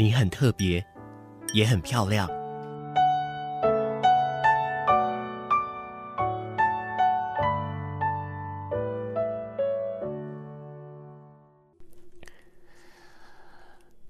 你很特別，也很漂亮。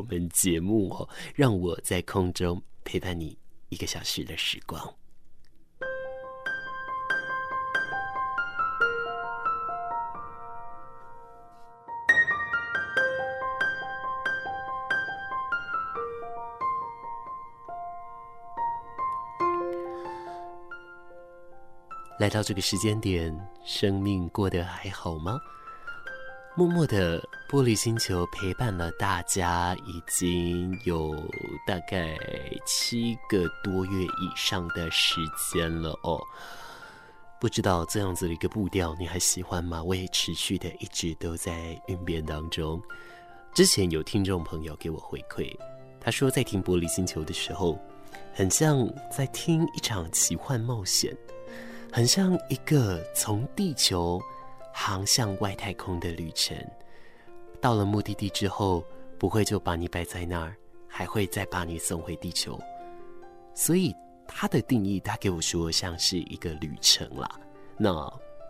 我們節目哦，讓我在空中陪伴你一個小時的時光。來到這個時間點，生命過得還好嗎？默默的玻璃星球陪伴了大家已經有大概七個多月以上的時間了哦，不知道這樣子的一個步調你還喜歡嗎？我也持續的一直都在演變當中。之前有聽眾朋友給我回饋，他說在聽玻璃星球的時候，很像在聽一場奇幻冒險，很像一個從地球，航向外太空的旅程，到了目的地之後，不會就把你擺在那兒，還會再把你送回地球。所以，它的定義，它給我說像是一個旅程啦。那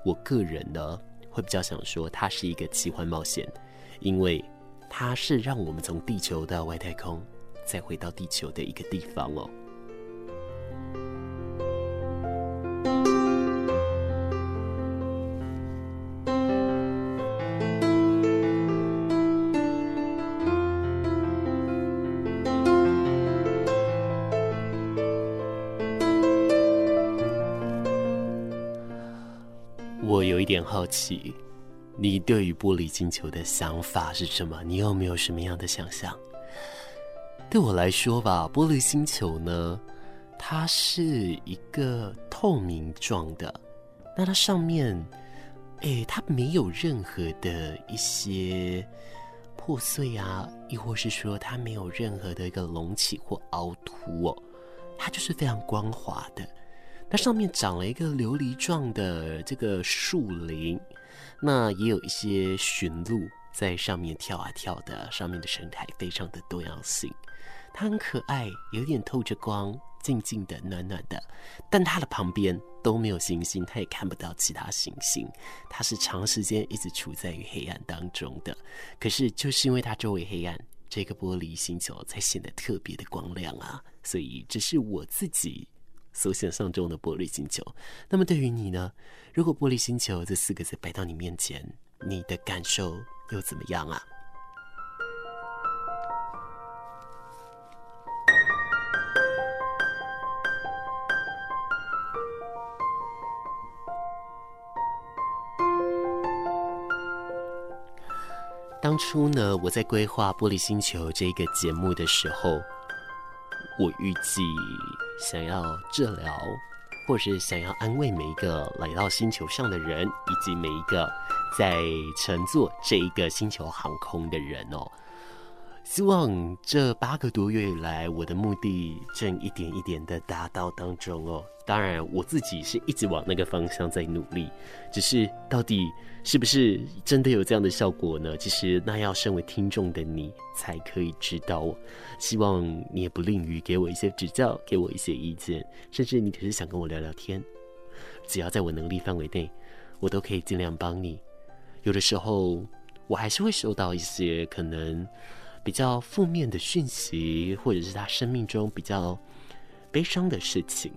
我個人呢，會比較想說它是一個奇幻冒險，因為它是讓我們從地球到外太空，再回到地球的一個地方哦、喔。好奇，你對於玻璃星球的想法是什麼？你有沒有什麼樣的想象？對我來說吧，玻璃星球呢，它是一個透明狀的，那它上面，哎，它沒有任何的一些破碎啊，亦或是說它沒有任何的一個隆起或凹凸，哦，它就是非常光滑的。它上面長了一個琉璃狀的這個樹林，那也有一些馴鹿在上面跳啊跳的，上面的生態非常的多樣性。它很可愛，有點透着光，靜靜的、暖暖的。但它的旁邊都沒有星星，它也看不到其他星星。它是長時間一直處在於黑暗當中的，可是就是因為它周圍黑暗，這個玻璃星球才顯得特別的光亮啊。所以這是我自己。所想象中的玻璃星球。那麼對於你呢？如果“玻璃星球”這四個字擺到你面前，你的感受又怎麼樣啊？當初呢，我在規劃《玻璃星球》這個節目的時候，我預計。想要治療，或是想要安慰每一個來到星球上的人，以及每一個在乘坐這一個星球航空的人哦。希望這八個多月以來，我的目的正一點一點的達到當中哦。當然，我自己是一直往那個方向在努力，只是到底是不是真的有這樣的效果呢？其實那要身為聽眾的你才可以知道我。希望你也不吝於給我一些指教，給我一些意見，甚至你只是想跟我聊聊天，只要在我能力範圍內，我都可以盡量幫你。有的時候，我還是會收到一些可能比較負面的訊息，或者是他生命中比較悲傷的事情。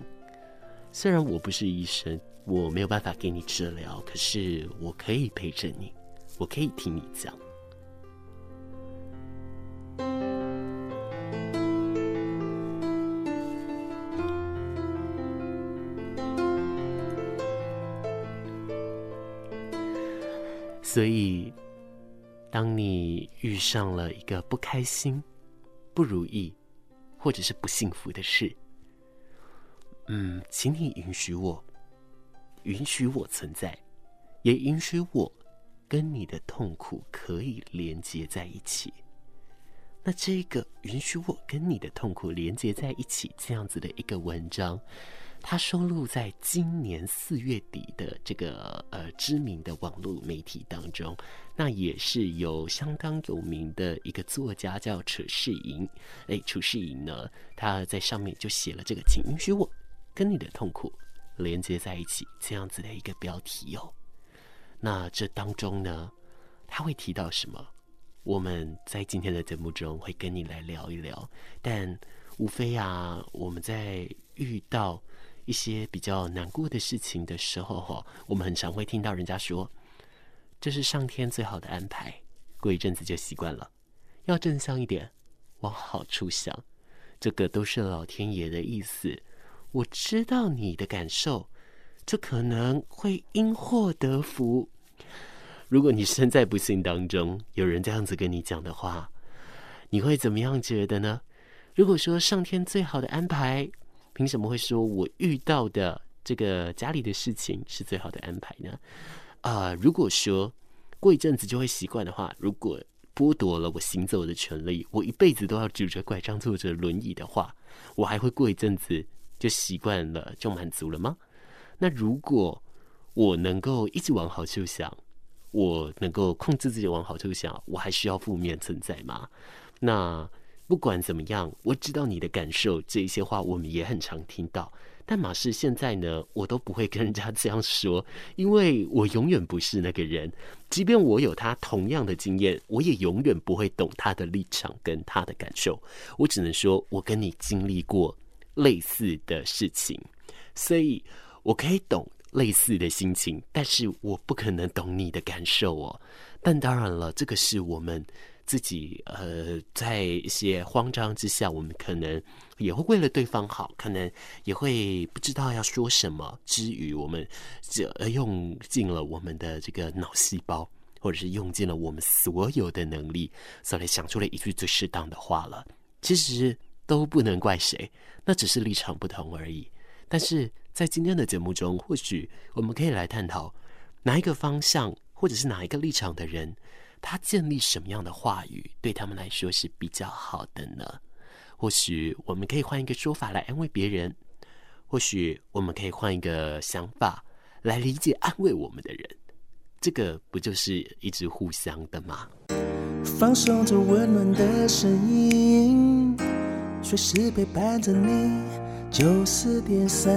雖然我不是醫生，我沒有辦法給你治療，可是我可以陪着你，我可以聽你講。所以，當你遇上了一個不開心、不如意，或者是不幸福的事，嗯，請你允許我，允許我存在，也允許我跟你的痛苦可以連接在一起。那這個允許我跟你的痛苦連接在一起這樣子的一個文章，它收錄在今年四月底的這個呃知名的網絡媒體當中。那也是有相當有名的一個作家叫褚士瑩，哎，褚士瑩呢，他在上面就寫了這個，請允許我，跟你的痛苦連接在一起，這樣子的一個標題喲、哦。那這當中呢，他會提到什麼？我們在今天的節目中會跟你來聊一聊。但無非呀、啊，我們在遇到一些比較難過的事情的時候，我們很常會聽到人家說：“這是上天最好的安排，過一陣子就習慣了。”要正向一點，往好處想，這個都是老天爺的意思。我知道你的感受，這可能會因禍得福。如果你身在不幸當中，有人這樣子跟你講的話，你會怎麼樣覺得呢？如果說上天最好的安排，憑什麼會說我遇到的這個家裡的事情是最好的安排呢？啊、呃，如果說過一陣子就會習慣的話，如果剝奪了我行走的權利，我一輩子都要拄着拐杖坐着輪椅的話，我還會過一陣子，就習慣了，就滿足了嗎？那如果我能夠一直往好處想，我能夠控制自己往好處想，我還需要負面存在嗎？那不管怎麼樣，我知道你的感受，這一些話我們也很常聽到。但，但是現在呢，我都不會跟人家這樣說，因為我永遠不是那個人。即便我有他同樣的經驗，我也永遠不會懂他的立場跟他的感受。我只能說，我跟你經歷過。類似的事情，所以我可以懂類似的心情，但是我不可能懂你的感受哦。但當然了，這個是我們自己呃，在一些慌張之下，我們可能也會為了對方好，可能也會不知道要說什麼之，之餘我們這呃用盡了我們的這個腦細胞，或者是用盡了我們所有的能力，所以想出了一句最適當的話了。其實。都不能怪誰，那只是立場不同而已。但是在今天的節目中，或許我們可以來探討，哪一個方向或者是哪一個立場的人，他建立什麼樣的話語，對他們來說是比較好的呢？或許我們可以換一個說法來安慰別人，或許我們可以換一個想法來理解安慰我們的人，這個不就是一直互相的嗎？放鬆着溫暖的聲音。隨時陪伴着你，九十點三，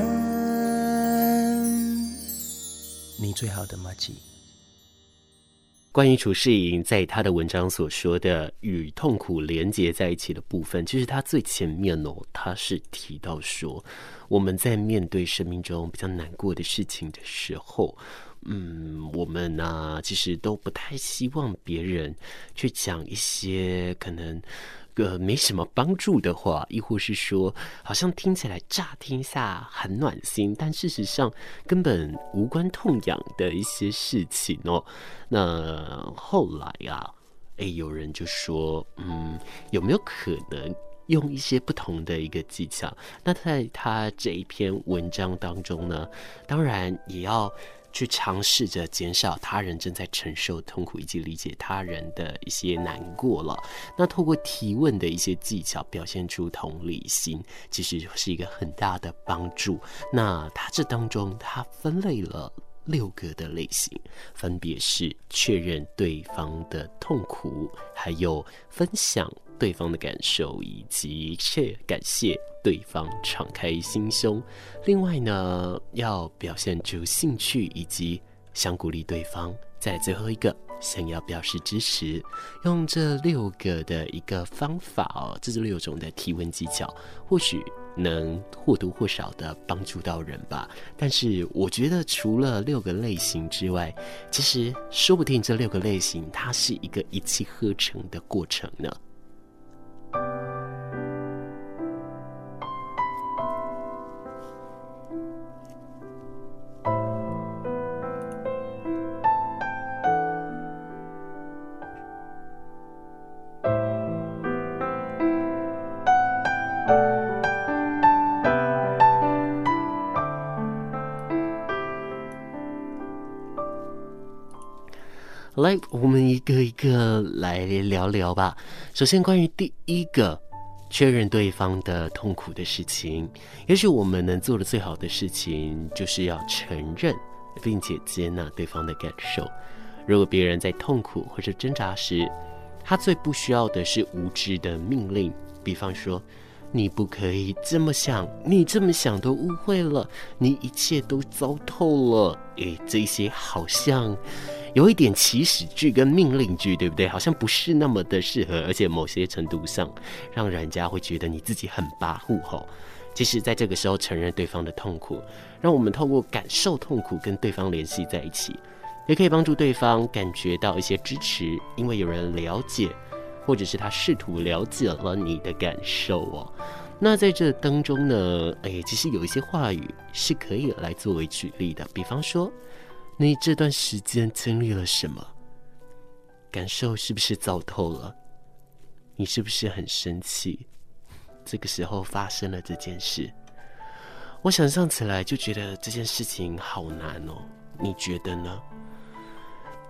你最好的馬季。關於褚士瑩在他的文章所說的與痛苦連結在一起的部分，其實他最前面哦，他是提到說，我們在面對生命中比較難過的事情的時候，嗯，我們吶，其實都不太希望別人去講一些可能。個沒什麼幫助的話，亦或是說，好像聽起來乍聽一下很暖心，但事實上根本無關痛癢的一些事情哦。那後來啊，誒，有人就說，嗯，有沒有可能用一些不同的一個技巧？那在他這一篇文章當中呢，當然也要。去嘗試着減少他人正在承受痛苦，以及理解他人的一些難過了。那透過提問的一些技巧，表現出同理心，其實是一個很大的幫助。那他這當中，他分類了六個的類型，分別是確認對方的痛苦，還有分享。對方的感受，以及一切感謝對方敞開心胸。另外呢，要表現出興趣，以及想鼓勵對方。在最後一個，想要表示支持。用這六個的一個方法哦，這六種的提問技巧，或許能或多或少的幫助到人吧。但是我覺得，除了六個類型之外，其實說不定這六個類型，它是一個一氣呵成的過程呢？來，我們一個一個來聊聊吧。首先，關於第一個確認對方的痛苦的事情，也許我們能做的最好的事情，就是要承認並且接納對方的感受。如果別人在痛苦或者掙扎時，他最不需要的是無知的命令。比方說，你不可以這麼想，你這麼想都誤會了，你一切都糟透了。誒，這些好像。有一點祈使句跟命令句，對不對？好像不是那麼的適合，而且某些程度上，讓人家會覺得你自己很跋扈吼。其實，在這個時候承認對方的痛苦，讓我們透過感受痛苦跟對方聯繫在一起，也可以幫助對方感覺到一些支持，因為有人了解，或者是他試圖了解了你的感受哦。那在這當中呢，誒、哎，其實有一些話語是可以來作為舉例的，比方說。你這段時間經歷了什麼？感受是不是糟透了？你是不是很生氣？這個時候發生了這件事，我想象起來就覺得這件事情好難哦。你覺得呢？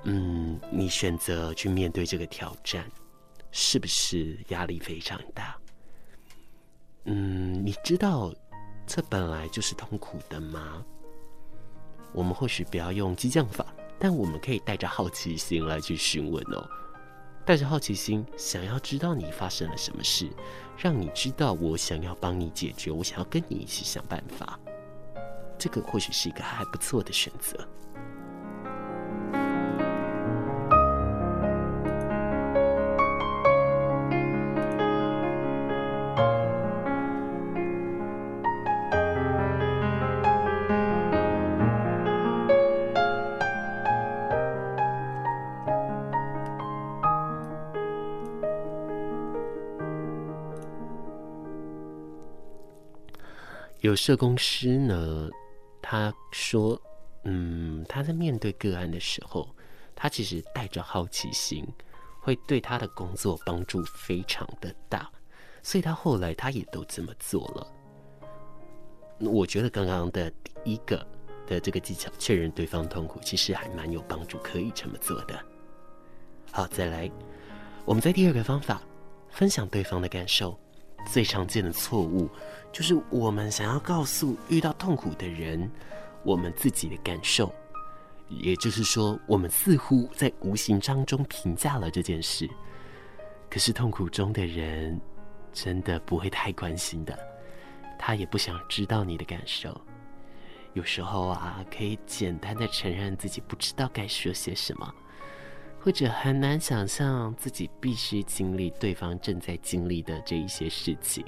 嗯，你選擇去面對這個挑戰，是不是壓力非常大？嗯，你知道這本來就是痛苦的嗎？我們或許不要用激將法，但我們可以帶着好奇心來去詢問哦，帶着好奇心，想要知道你發生了什麼事，讓你知道我想要幫你解決，我想要跟你一起想辦法，這個或許是一個還不錯的選擇。社工師呢，他說：“嗯，他在面對個案的時候，他其實帶着好奇心，會對他的工作幫助非常的大。所以他後來他也都這麼做了。我覺得剛剛的第一個的這個技巧，確認對方痛苦，其實還蠻有幫助，可以這麼做的。好，再來，我們在第二個方法，分享對方的感受。”最常見的錯誤，就是我們想要告訴遇到痛苦的人，我們自己的感受，也就是說，我們似乎在無形當中評價了這件事。可是痛苦中的人真的不會太關心的，他也不想知道你的感受。有時候啊，可以簡單的承認自己不知道該說些什麼。或者很難想象自己必須經歷對方正在經歷的這一些事情。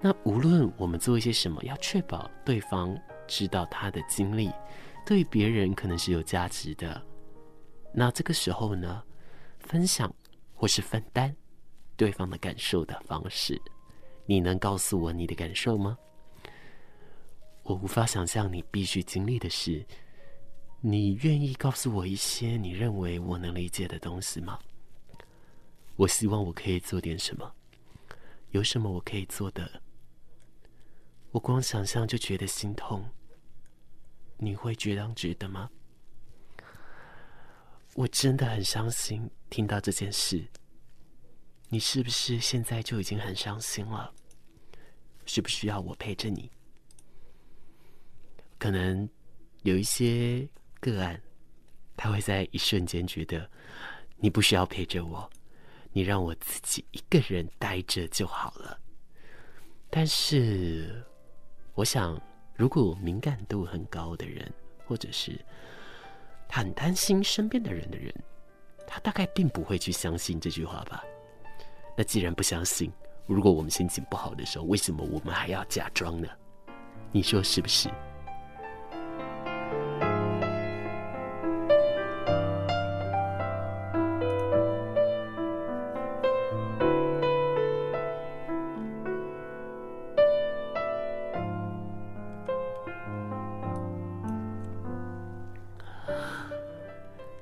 那無論我們做一些什麼，要確保對方知道他的經歷，對別人可能是有價值的。那這個時候呢，分享或是分擔對方的感受的方式，你能告訴我你的感受嗎？我無法想象你必須經歷的事。你願意告訴我一些你認為我能理解的東西嗎？我希望我可以做點什麼，有什麼我可以做的？我光想象就覺得心痛。你會覺得值得嗎？我真的很傷心，聽到這件事。你是不是現在就已經很傷心了？需不需要我陪着你？可能有一些。個案，他會在一瞬間覺得你不需要陪着我，你讓我自己一個人待着就好了。但是，我想，如果敏感度很高的人，或者是他很擔心身邊的人的人，他大概並不會去相信這句話吧。那既然不相信，如果我們心情不好的時候，為什麼我們還要假裝呢？你說是不是？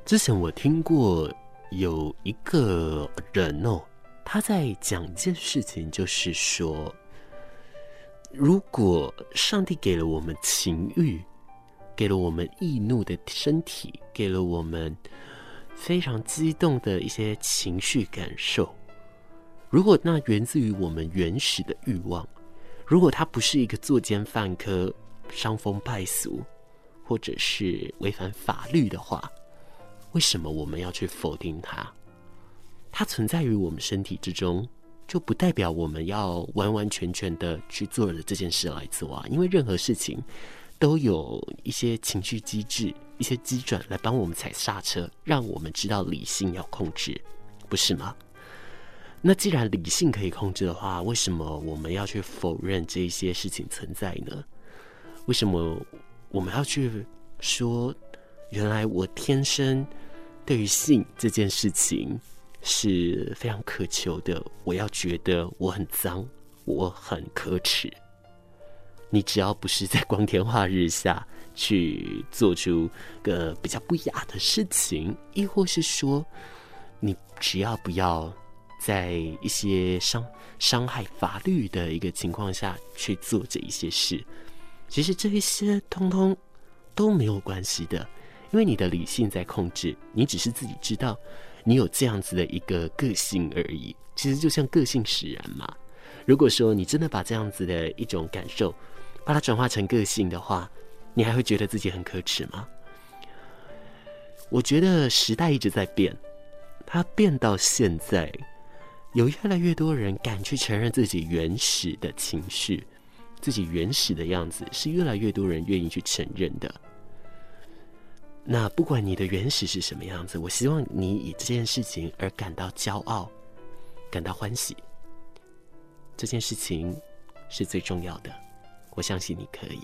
之前我聽過有一個人哦，他在講一件事情，就是說，如果上帝給了我們情欲，給了我們易怒的身體，給了我們非常激動的一些情緒感受，如果那源自於我們原始的慾望，如果它不是一個作奸犯科、傷風敗俗，或者是違反法律的話。為什麼我們要去否定它？它存在於我們身體之中，就不代表我們要完完全全的去做了這件事來做啊。因為任何事情都有一些情緒機制、一些機轉來幫我們踩剎車，讓我們知道理性要控制，不是嗎？那既然理性可以控制的話，為什麼我們要去否認這些事情存在呢？為什麼我們要去說原來我天生……對於性這件事情是非常渴求的。我要覺得我很髒，我很可恥。你只要不是在光天化日下去做出個比較不雅的事情，亦或是說你只要不要在一些傷傷害法律的一個情況下去做這一些事，其實這一些通通都沒有關係的。因為你的理性在控制，你只是自己知道你有這樣子的一個個性而已。其實就像個性使然嘛。如果說你真的把這樣子的一種感受，把它轉化成個性的話，你還會覺得自己很可恥嗎？我覺得時代一直在變，它變到現在，有越來越多人敢去承認自己原始的情緒，自己原始的樣子，是越來越多人願意去承認的。那不管你的原始是什麼樣子，我希望你以這件事情而感到驕傲，感到歡喜。這件事情是最重要的，我相信你可以。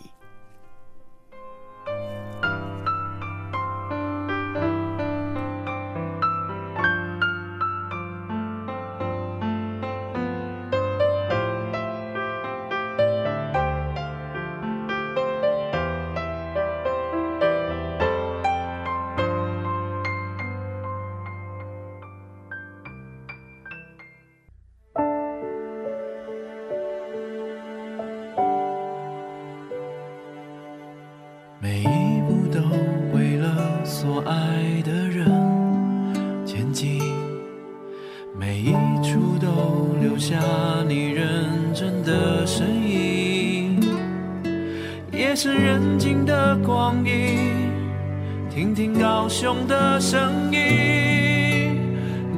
的光陰，聽聽高雄的聲音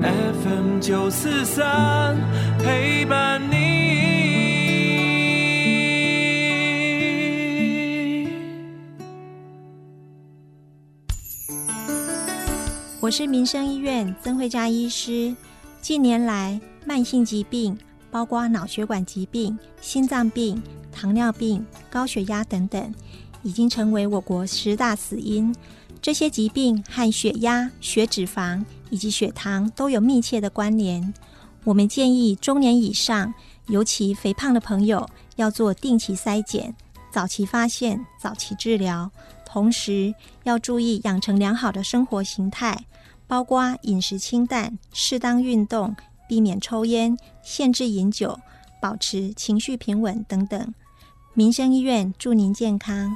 ，FM 九四三陪伴你。我是民生醫院曾慧嘉醫師。近年來，慢性疾病包括腦血管疾病、心臟病、糖尿病、高血壓等等，已經成為我國十大死因，這些疾病和血壓、血脂肪以及血糖都有密切的關聯。我們建議中年以上，尤其肥胖的朋友，要做定期篩檢，早期發現，早期治療。同時要注意養成良好的生活形態，包括飲食清淡、適當運動、避免抽煙、限制飲酒、保持情緒平穩等等。民生醫院祝您健康。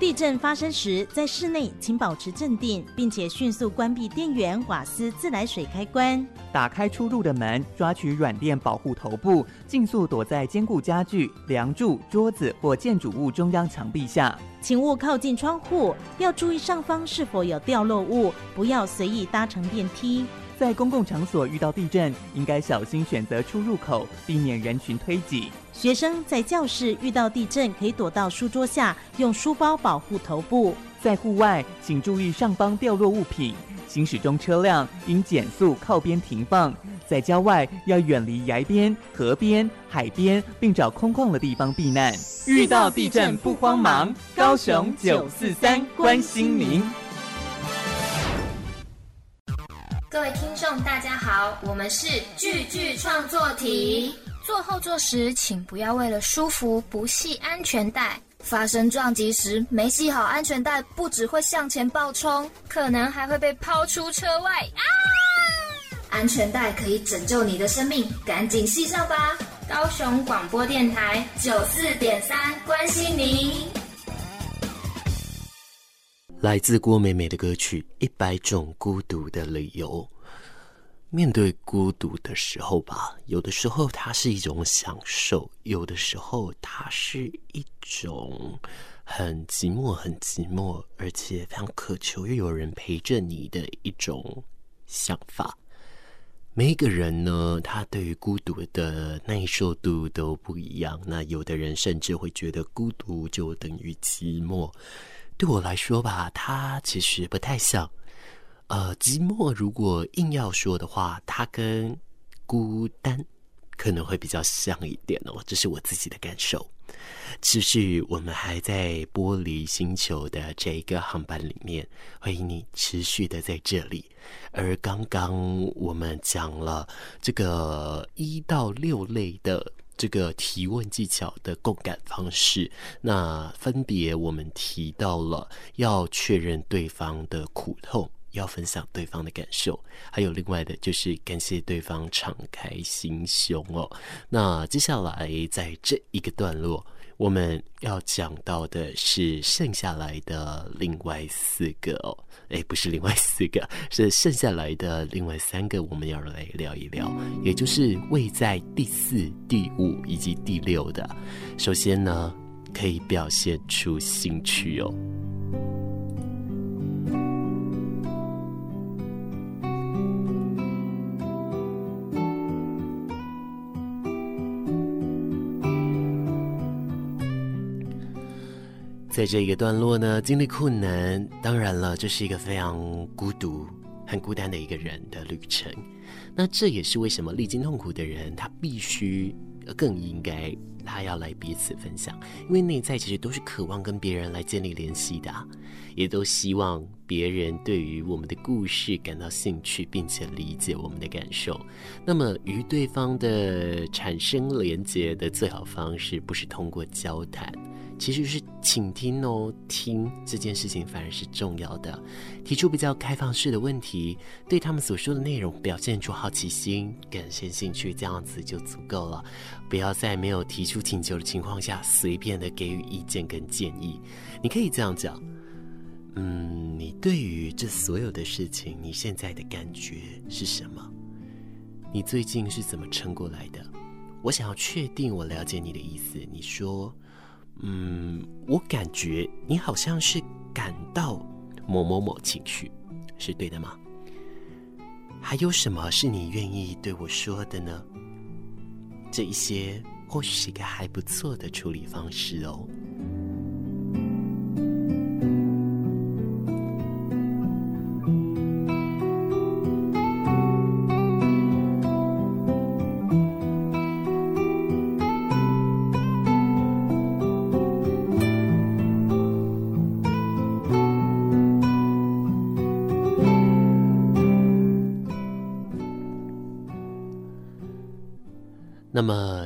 地震發生時，在室內請保持鎮定，並且迅速關閉電源、瓦斯、自來水開關，打開出入的門，抓取軟墊保護頭部，儘速躲在堅固家具、樑柱、桌子或建築物中央牆壁下。請勿靠近窗戶，要注意上方是否有掉落物，不要隨意搭乘電梯。在公共場所遇到地震，應該小心選擇出入口，避免人群推擠。學生在教室遇到地震，可以躲到書桌下，用書包保護頭部。在戶外，請注意上方掉落物品；行駛中車輛應減速靠邊停放。在郊外，要遠離崖邊、河邊、海邊，並找空曠的地方避難。遇到地震不慌忙，高雄九四三關心您。各位聽眾，大家好，我們是句句創作題。坐後座時，請不要為了舒服不繫安全帶。發生撞擊時，沒繫好安全帶，不只會向前暴衝，可能還會被拋出車外。啊、安全帶可以拯救你的生命，趕緊繫上吧！高雄廣播電臺九四點三，3，關心您。來自郭美美的歌曲《一百種孤獨的理由》。面對孤獨的時候吧，有的時候它是一種享受，有的時候它是一種很寂寞、很寂寞，而且非常渴求，又有人陪着你的一種想法。每一個人呢，他對於孤獨的耐受度都不一樣。那有的人甚至會覺得孤獨就等於寂寞。對我來說吧，它其實不太像。呃，寂寞如果硬要說的話，它跟孤單可能會比較像一點哦，這是我自己的感受。持續，我們還在玻璃星球的這一個航班裡面，歡迎你持續的在這裡。而剛剛我們講了這個一到六類的。這個提問技巧的共感方式，那分別我們提到了要確認對方的苦痛，要分享對方的感受，還有另外的就是感謝對方敞開心胸哦。那接下來在這一個段落，我們要講到的是剩下來的另外四個哦，誒，不是另外四個，是剩下來的另外三個，我們要來聊一聊，也就是位在第四、第五以及第六的。首先呢，可以表現出興趣哦。在這一個段落呢，經歷困難，當然了，這、就是一個非常孤獨、很孤單的一個人的旅程。那這也是為什麼歷經痛苦的人，他必須更應該他要來彼此分享，因為內在其實都是渴望跟別人來建立聯繫的、啊，也都希望別人對於我們的故事感到興趣，並且理解我們的感受。那麼，與對方的產生連接的最好方式，不是通過交談。其實是傾聽哦，聽這件事情反而是重要的。提出比較開放式的問題，對他們所說的內容表現出好奇心、感興趣，這樣子就足夠了。不要在沒有提出請求的情況下，隨便的給予意見跟建議。你可以這樣講：嗯，你對於這所有的事情，你現在的感覺是什麼？你最近是怎麼撐過來的？我想要確定我了解你的意思。你說。嗯，我感覺你好像是感到某某某情緒，是對的嗎？還有什麼是你願意對我說的呢？這一些或許是一個還不錯的處理方式哦。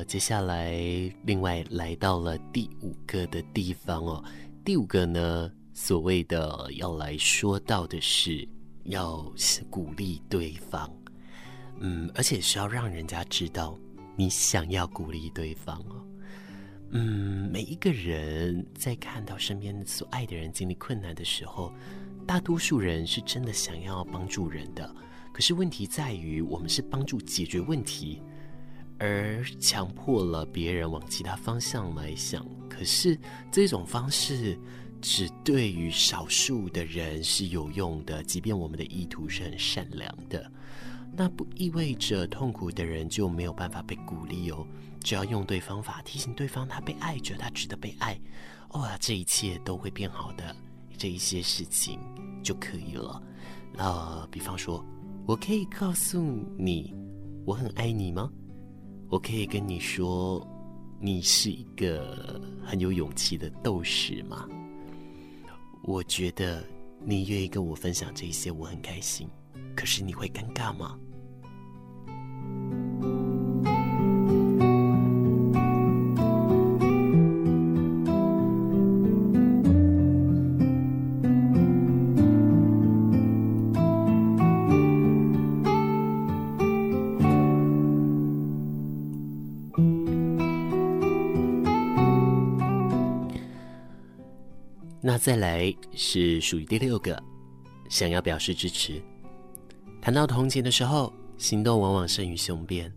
接下來，另外來到了第五個的地方哦。第五個呢，所謂的要來說到的是，要鼓勵對方。嗯，而且需要讓人家知道你想要鼓勵對方哦。嗯，每一個人在看到身邊所愛的人經歷困難的時候，大多數人是真的想要幫助人的。可是問題在於，我們是幫助解決問題。而強迫了別人往其他方向來想，可是這種方式只對於少數的人是有用的。即便我們的意圖是很善良的，那不意味着痛苦的人就沒有辦法被鼓勵哦。只要用對方法，提醒對方他被愛着，他值得被愛，哦，啊，這一切都會變好的。這一些事情就可以了。那比方說，我可以告訴你，我很愛你嗎？我可以跟你說，你是一個很有勇氣的鬥士嗎？我覺得你願意跟我分享這些，我很開心。可是你會尷尬嗎？那再來是屬於第六個，想要表示支持。談到同情的時候，行動往往勝於雄辯。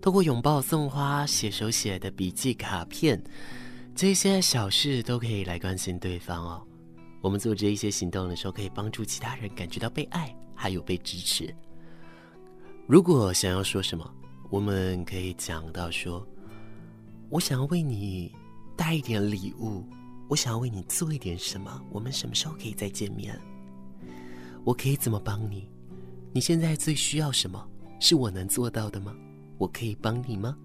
透過擁抱、送花、寫手寫的筆記卡片，這些小事都可以來關心對方哦。我們做這些行動的時候，可以幫助其他人感覺到被愛，還有被支持。如果想要說什麼，我們可以講到說：“我想要為你帶一點禮物。”我想要為你做一點什麼？我們什麼時候可以再見面？我可以怎麼幫你？你現在最需要什麼？是我能做到的嗎？我可以幫你嗎？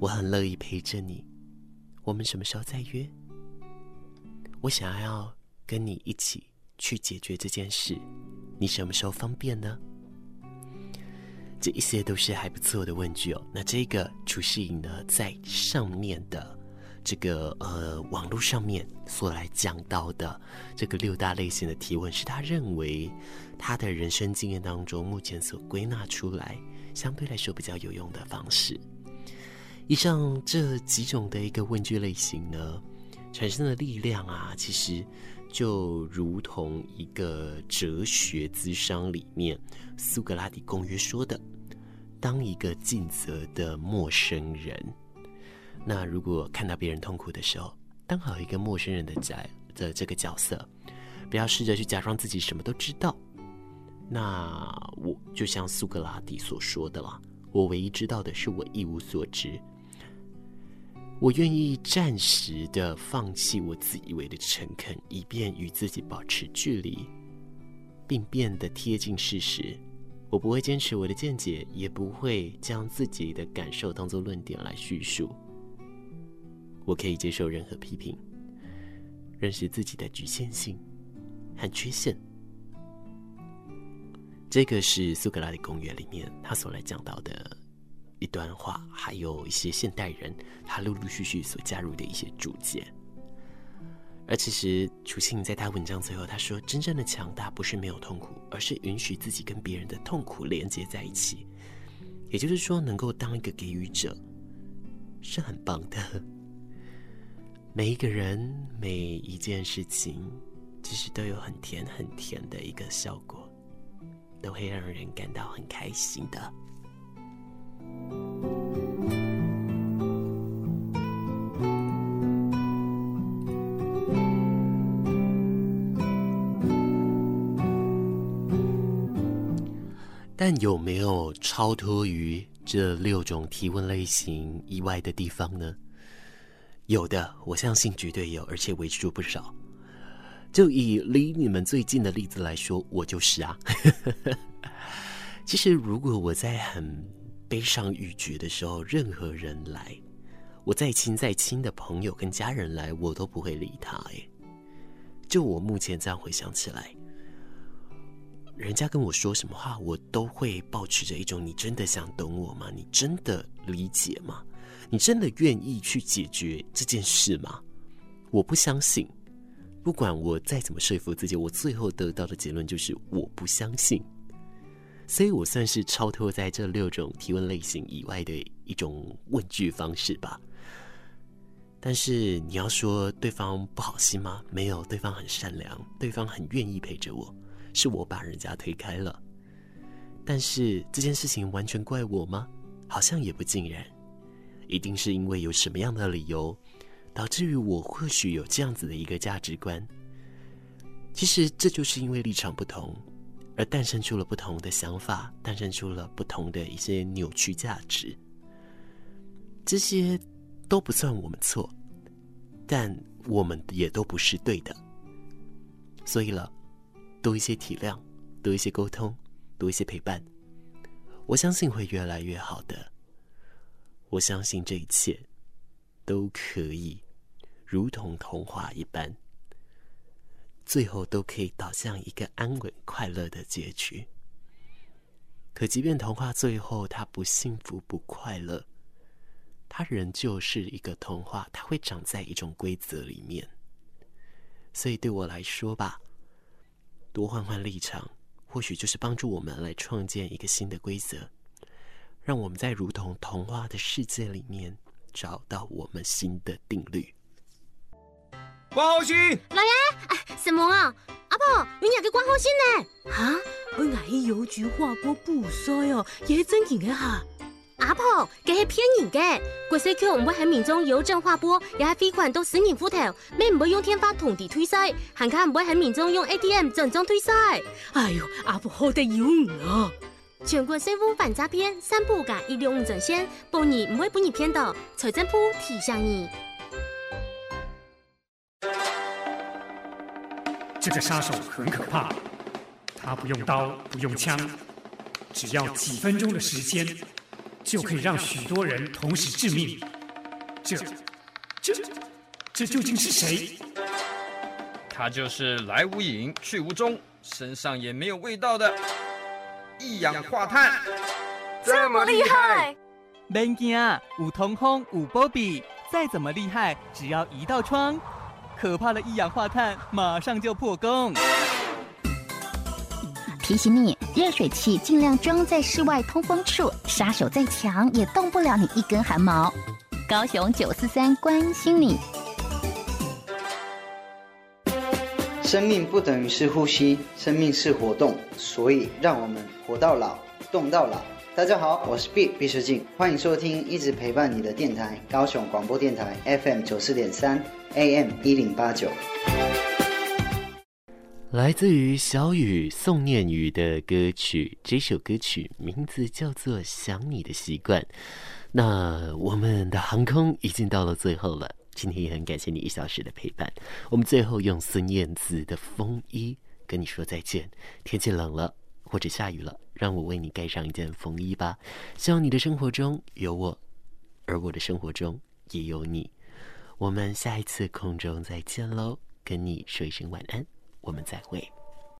我很樂意陪着你。我們什麼時候再約？我想要跟你一起去解決這件事。你什麼時候方便呢？這一些都是還不錯的問句哦。那這個除示語呢，在上面的。這個呃、網絡上面所來講到的這個六大類型的提問，是他認為他的人生經驗當中目前所歸納出來相對來說比較有用的方式。以上這幾種的一個問句類型呢，產生的力量啊，其實就如同一個哲學諮商裡面蘇格拉底公約說的：“當一個盡責的陌生人。”那如果看到別人痛苦的時候，當好一個陌生人的角的這個角色，不要試着去假裝自己什麼都知道。那我就像蘇格拉底所說的了，我唯一知道的是我一無所知。我願意暫時的放棄我自以為的誠懇，以便與自己保持距離，並變得貼近事實。我不會堅持我的見解，也不會將自己的感受當作論點來敘述。我可以接受任何批評，認識自己的局限性和缺陷。這個是蘇格拉底公園裡面他所來講到的一段話，還有一些現代人他陸陸續續所加入的一些注解。而其實楚欣在他文章最後他說：“真正的強大不是沒有痛苦，而是允許自己跟別人的痛苦連接在一起。”也就是說，能夠當一個給予者是很棒的。每一個人，每一件事情，其實都有很甜、很甜的一個效果，都會讓人感到很開心的。但有沒有超脫於這六種提問類型以外的地方呢？有的，我相信絕對有，而且為數不少。就以離你們最近的例子來說，我就是啊。 其實，如果我在很悲傷欲絕的時候，任何人來，我再親再親的朋友跟家人來，我都不會理他、欸。哎，就我目前這樣回想起來，人家跟我說什麼話，我都會保持着一種：你真的想懂我嗎？你真的理解嗎？你真的願意去解決這件事嗎？我不相信。不管我再怎麼說服自己，我最後得到的結論就是我不相信。所以我算是超脫在這六種提問類型以外的一種問句方式吧。但是你要說對方不好心嗎？沒有，對方很善良，對方很願意陪着我，是我把人家推開了。但是這件事情完全怪我嗎？好像也不盡然。一定是因為有什麼樣的理由，導致於我或許有這樣子的一個價值觀。其實這就是因為立場不同，而誕生出了不同的想法，誕生出了不同的一些扭曲價值。這些都不算我們錯，但我們也都不是對的。所以了，多一些體諒，多一些溝通，多一些陪伴，我相信會越來越好的。我相信這一切都可以，如同童話一般，最後都可以導向一個安穩快樂的結局。可即便童話最後他不幸福不快樂，它仍舊是一個童話，它會長在一種規則裡面。所以對我來說吧，多換換立場，或許就是幫助我們來創建一個新的規則。讓我們在如同童話的世界裡面，找到我們新的定律。掛號信，老爺、啊，什麼啊？阿婆，你那個掛號信呢？哈，我挨郵局劃撥不少喲、哦，也是真錢的哈。阿婆，這個、是騙人的，國稅局不會喊民眾郵政劃撥，也係飛款到私人戶頭，咩唔會用天發同地退稅，銀行唔會喊民眾用 ATM 轉賬退稅。哎呦，阿婆好大勇啊！全國 C 務反詐騙三步改一六五整線，不，你不會不你的，你偏到。財真部提向你：這個殺手很可怕，他不用刀，不用槍，只要幾分鐘的時間，就可以讓許多人同時致命。這、這、這究竟是誰？他就是來無影去無蹤，身上也沒有味道的。一氧化碳這麼厲害，別驚啊！有通風，有波比，再怎麼厲害，只要一道窗，可怕的一氧化碳馬上就破功。提醒你，熱水器盡量裝在室外通風處，殺手再強也動不了你一根汗毛。高雄九四三關心你。生命不等於是呼吸，生命是活動。所以，讓我們活到老，動到老。大家好，我是畢畢士靜，歡迎收聽一直陪伴你的電台——高雄廣播電台 FM 九四點三，AM 一零八九。來自於小宇宋念宇的歌曲，這首歌曲名字叫做《想你的習慣》。那我們的航空已經到了最後了。今天也很感謝你一小時的陪伴。我們最後用孫燕姿的《風衣》跟你說再見。天氣冷了或者下雨了，讓我為你蓋上一件風衣吧。希望你的生活中有我，而我的生活中也有你。我們下一次空中再見嘍，跟你說一聲晚安，我們再會。